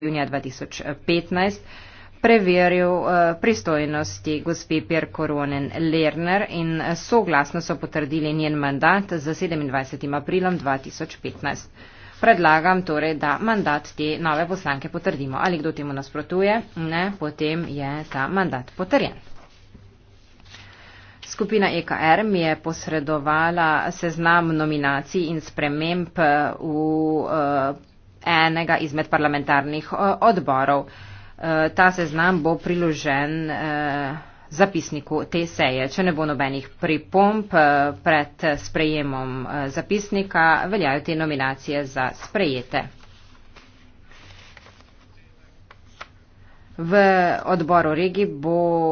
junija 2015 preveril eh, pristojnosti gospe Pier Koronen Lerner in soglasno so potrdili njen mandat za 27. aprilom 2015. Predlagam torej, da mandat te nove poslanke potrdimo. Ali kdo temu nasprotuje? Ne, potem je ta mandat potrjen. Skupina EKR mi je posredovala seznam nominacij in sprememb eh, v eh, enega izmed parlamentarnih eh, odborov. Eh, ta seznam bo priložen eh, zapisniku te seje. Če ne bo nobenih pripomp pred sprejemom zapisnika, veljajo te nominacije za sprejete. V odboru regi bo.